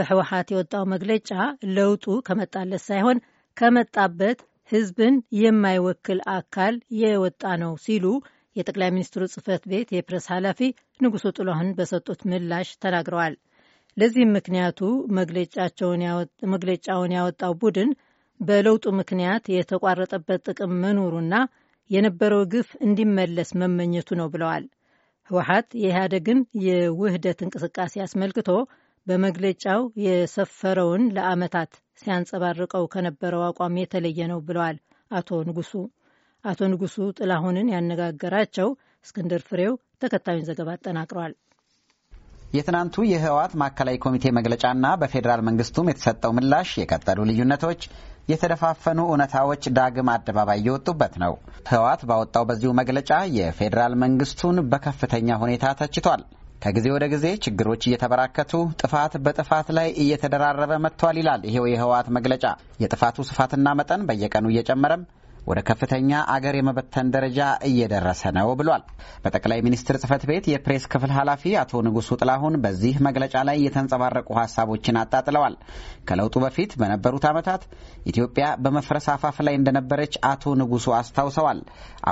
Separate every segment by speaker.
Speaker 1: በህወሓት የወጣው መግለጫ ለውጡ ከመጣለት ሳይሆን ከመጣበት ህዝብን የማይወክል አካል የወጣ ነው ሲሉ የጠቅላይ ሚኒስትሩ ጽህፈት ቤት የፕሬስ ኃላፊ ንጉሱ ጥላሁን በሰጡት ምላሽ ተናግረዋል። ለዚህም ምክንያቱ መግለጫውን ያወጣው ቡድን በለውጡ ምክንያት የተቋረጠበት ጥቅም መኖሩና የነበረው ግፍ እንዲመለስ መመኘቱ ነው ብለዋል። ህወሓት የኢህአደግን የውህደት እንቅስቃሴ አስመልክቶ በመግለጫው የሰፈረውን ለአመታት ሲያንጸባርቀው ከነበረው አቋም የተለየ ነው ብለዋል አቶ ንጉሱ። አቶ ንጉሱ ጥላሁንን ያነጋገራቸው እስክንድር ፍሬው ተከታዩን ዘገባ አጠናቅሯል።
Speaker 2: የትናንቱ የህወሓት ማዕከላዊ ኮሚቴ መግለጫና በፌዴራል መንግስቱም የተሰጠው ምላሽ የቀጠሉ ልዩነቶች፣ የተደፋፈኑ እውነታዎች ዳግም አደባባይ እየወጡበት ነው። ህወሓት ባወጣው በዚሁ መግለጫ የፌዴራል መንግስቱን በከፍተኛ ሁኔታ ተችቷል። ከጊዜ ወደ ጊዜ ችግሮች እየተበራከቱ ጥፋት በጥፋት ላይ እየተደራረበ መጥቷል ይላል ይሄው የህወሓት መግለጫ። የጥፋቱ ስፋትና መጠን በየቀኑ እየጨመረም ወደ ከፍተኛ አገር የመበተን ደረጃ እየደረሰ ነው ብሏል። በጠቅላይ ሚኒስትር ጽህፈት ቤት የፕሬስ ክፍል ኃላፊ አቶ ንጉሱ ጥላሁን በዚህ መግለጫ ላይ የተንጸባረቁ ሀሳቦችን አጣጥለዋል። ከለውጡ በፊት በነበሩት ዓመታት ኢትዮጵያ በመፍረስ አፋፍ ላይ እንደነበረች አቶ ንጉሱ አስታውሰዋል።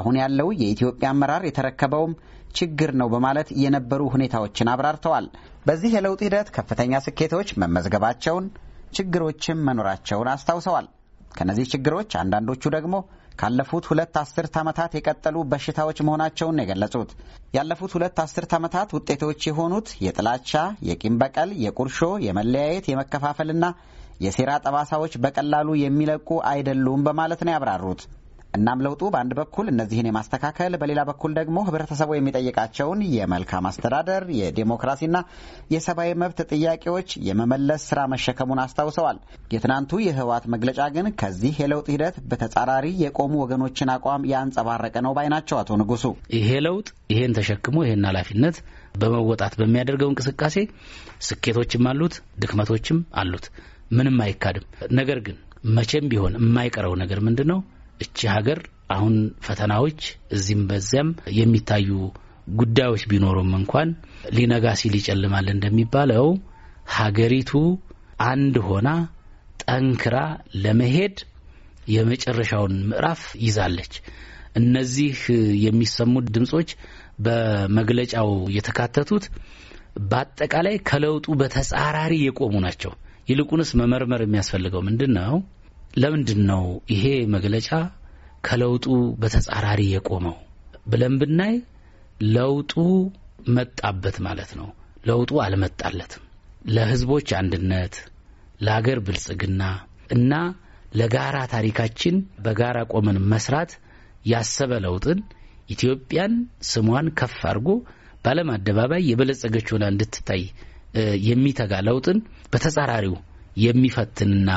Speaker 2: አሁን ያለው የኢትዮጵያ አመራር የተረከበውም ችግር ነው በማለት የነበሩ ሁኔታዎችን አብራርተዋል። በዚህ የለውጥ ሂደት ከፍተኛ ስኬቶች መመዝገባቸውን፣ ችግሮችም መኖራቸውን አስታውሰዋል። ከነዚህ ችግሮች አንዳንዶቹ ደግሞ ካለፉት ሁለት አስርት ዓመታት የቀጠሉ በሽታዎች መሆናቸውን የገለጹት ያለፉት ሁለት አስርት ዓመታት ውጤቶች የሆኑት የጥላቻ፣ የቂም በቀል፣ የቁርሾ፣ የመለያየት፣ የመከፋፈልና የሴራ ጠባሳዎች በቀላሉ የሚለቁ አይደሉም በማለት ነው ያብራሩት። እናም ለውጡ በአንድ በኩል እነዚህን የማስተካከል በሌላ በኩል ደግሞ ህብረተሰቡ የሚጠይቃቸውን የመልካም አስተዳደር፣ የዴሞክራሲና የሰብአዊ መብት ጥያቄዎች የመመለስ ስራ መሸከሙን አስታውሰዋል። የትናንቱ የህወሓት መግለጫ ግን ከዚህ የለውጥ ሂደት በተጻራሪ የቆሙ ወገኖችን አቋም ያንጸባረቀ ነው ባይ ናቸው አቶ ንጉሱ።
Speaker 3: ይሄ ለውጥ ይሄን ተሸክሞ ይሄን ኃላፊነት በመወጣት በሚያደርገው እንቅስቃሴ ስኬቶችም አሉት፣ ድክመቶችም አሉት። ምንም አይካድም። ነገር ግን መቼም ቢሆን የማይቀረው ነገር ምንድን ነው? እቺ ሀገር አሁን ፈተናዎች እዚህም በዚያም የሚታዩ ጉዳዮች ቢኖሩም እንኳን ሊነጋ ሲል ይጨልማል እንደሚባለው ሀገሪቱ አንድ ሆና ጠንክራ ለመሄድ የመጨረሻውን ምዕራፍ ይዛለች። እነዚህ የሚሰሙት ድምጾች በመግለጫው የተካተቱት በአጠቃላይ ከለውጡ በተጻራሪ የቆሙ ናቸው። ይልቁንስ መመርመር የሚያስፈልገው ምንድን ነው? ለምንድን ነው ይሄ መግለጫ ከለውጡ በተጻራሪ የቆመው ብለን ብናይ ለውጡ መጣበት ማለት ነው። ለውጡ አልመጣለትም። ለህዝቦች አንድነት፣ ለአገር ብልጽግና እና ለጋራ ታሪካችን በጋራ ቆመን መስራት ያሰበ ለውጥን ኢትዮጵያን ስሟን ከፍ አድርጎ በዓለም አደባባይ የበለጸገች ሆና እንድትታይ የሚተጋ ለውጥን በተጻራሪው የሚፈትንና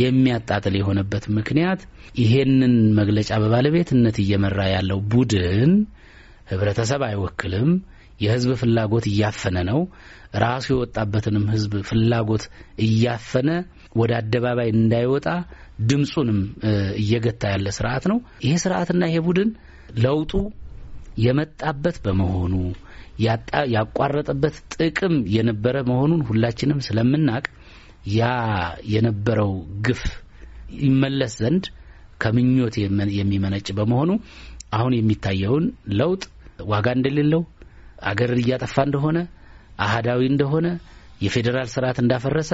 Speaker 3: የሚያጣጥል የሆነበት ምክንያት ይሄንን መግለጫ በባለቤትነት እየመራ ያለው ቡድን ህብረተሰብ አይወክልም። የህዝብ ፍላጎት እያፈነ ነው። ራሱ የወጣበትንም ህዝብ ፍላጎት እያፈነ ወደ አደባባይ እንዳይወጣ ድምፁንም እየገታ ያለ ስርዓት ነው። ይሄ ስርዓትና ይሄ ቡድን ለውጡ የመጣበት በመሆኑ ያቋረጠበት ጥቅም የነበረ መሆኑን ሁላችንም ስለምናቅ ያ የነበረው ግፍ ይመለስ ዘንድ ከምኞት የሚመነጭ በመሆኑ አሁን የሚታየውን ለውጥ ዋጋ እንደሌለው አገር እያጠፋ እንደሆነ አህዳዊ እንደሆነ የፌዴራል ስርዓት እንዳፈረሰ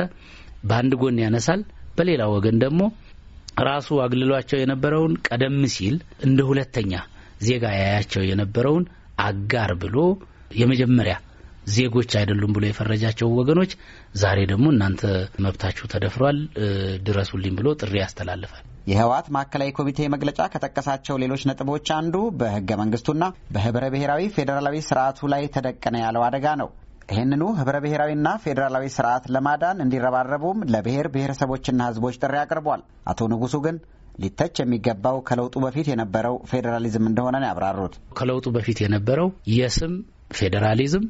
Speaker 3: በአንድ ጎን ያነሳል። በሌላ ወገን ደግሞ ራሱ አግልሏቸው የነበረውን ቀደም ሲል እንደ ሁለተኛ ዜጋ ያያቸው የነበረውን አጋር ብሎ የመጀመሪያ ዜጎች አይደሉም ብሎ የፈረጃቸው ወገኖች ዛሬ ደግሞ እናንተ
Speaker 2: መብታችሁ ተደፍሯል ድረሱልኝ ብሎ ጥሪ ያስተላልፋል። የህወሓት ማዕከላዊ ኮሚቴ መግለጫ ከጠቀሳቸው ሌሎች ነጥቦች አንዱ በህገ መንግስቱና በህብረ ብሔራዊ ፌዴራላዊ ስርዓቱ ላይ ተደቀነ ያለው አደጋ ነው። ይህንኑ ህብረ ብሔራዊና ፌዴራላዊ ስርዓት ለማዳን እንዲረባረቡም ለብሔር ብሔረሰቦችና ህዝቦች ጥሪ አቅርቧል። አቶ ንጉሱ ግን ሊተች የሚገባው ከለውጡ በፊት የነበረው ፌዴራሊዝም እንደሆነ ነው ያብራሩት። ከለውጡ በፊት የነበረው የስም
Speaker 3: ፌዴራሊዝም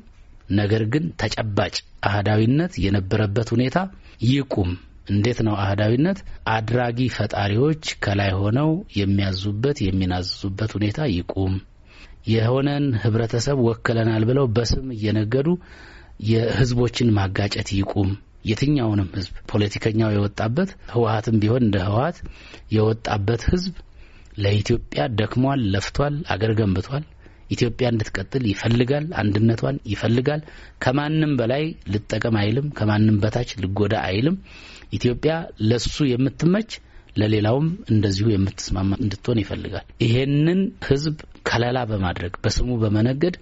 Speaker 3: ነገር ግን ተጨባጭ አህዳዊነት የነበረበት ሁኔታ ይቁም። እንዴት ነው አህዳዊነት አድራጊ ፈጣሪዎች ከላይ ሆነው የሚያዙበት የሚናዝዙበት ሁኔታ ይቁም። የሆነን ህብረተሰብ ወክለናል ብለው በስም እየነገዱ የህዝቦችን ማጋጨት ይቁም። የትኛውንም ህዝብ ፖለቲከኛው የወጣበት ህወሀትም ቢሆን እንደ ህወሀት የወጣበት ህዝብ ለኢትዮጵያ ደክሟል፣ ለፍቷል፣ አገር ገንብቷል። ኢትዮጵያ እንድትቀጥል ይፈልጋል። አንድነቷን ይፈልጋል። ከማንም በላይ ልጠቀም አይልም። ከማንም በታች ልጎዳ አይልም። ኢትዮጵያ ለሱ የምትመች ለሌላውም እንደዚሁ የምትስማማ እንድትሆን ይፈልጋል። ይሄንን ህዝብ ከለላ በማድረግ በስሙ በመነገድ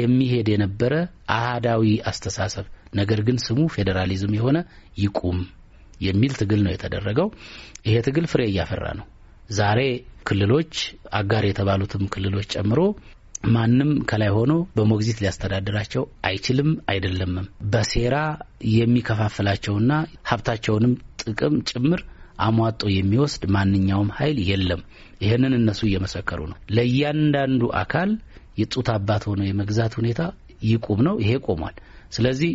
Speaker 3: የሚሄድ የነበረ አህዳዊ አስተሳሰብ ነገር ግን ስሙ ፌዴራሊዝም የሆነ ይቁም የሚል ትግል ነው የተደረገው። ይሄ ትግል ፍሬ እያፈራ ነው። ዛሬ ክልሎች አጋር የተባሉትም ክልሎች ጨምሮ ማንም ከላይ ሆኖ በሞግዚት ሊያስተዳድራቸው አይችልም አይደለምም። በሴራ የሚከፋፍላቸውና ሀብታቸውንም ጥቅም ጭምር አሟጦ የሚወስድ ማንኛውም ኃይል የለም። ይህንን እነሱ እየመሰከሩ ነው። ለእያንዳንዱ አካል የጡት አባት ሆኖ የመግዛት ሁኔታ ይቁም ነው። ይሄ ቆሟል። ስለዚህ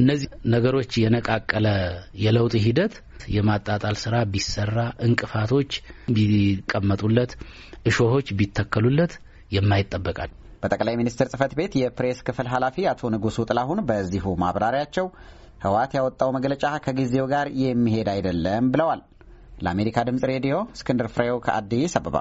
Speaker 3: እነዚህ ነገሮች የነቃቀለ የለውጥ ሂደት የማጣጣል ስራ ቢሰራ፣ እንቅፋቶች ቢቀመጡለት፣
Speaker 2: እሾሆች ቢተከሉለት የማይጠበቃል። በጠቅላይ ሚኒስትር ጽህፈት ቤት የፕሬስ ክፍል ኃላፊ አቶ ንጉሱ ጥላሁን በዚሁ ማብራሪያቸው ህወሓት ያወጣው መግለጫ ከጊዜው ጋር የሚሄድ አይደለም ብለዋል። ለአሜሪካ ድምጽ ሬዲዮ እስክንድር ፍሬው ከአዲስ አበባ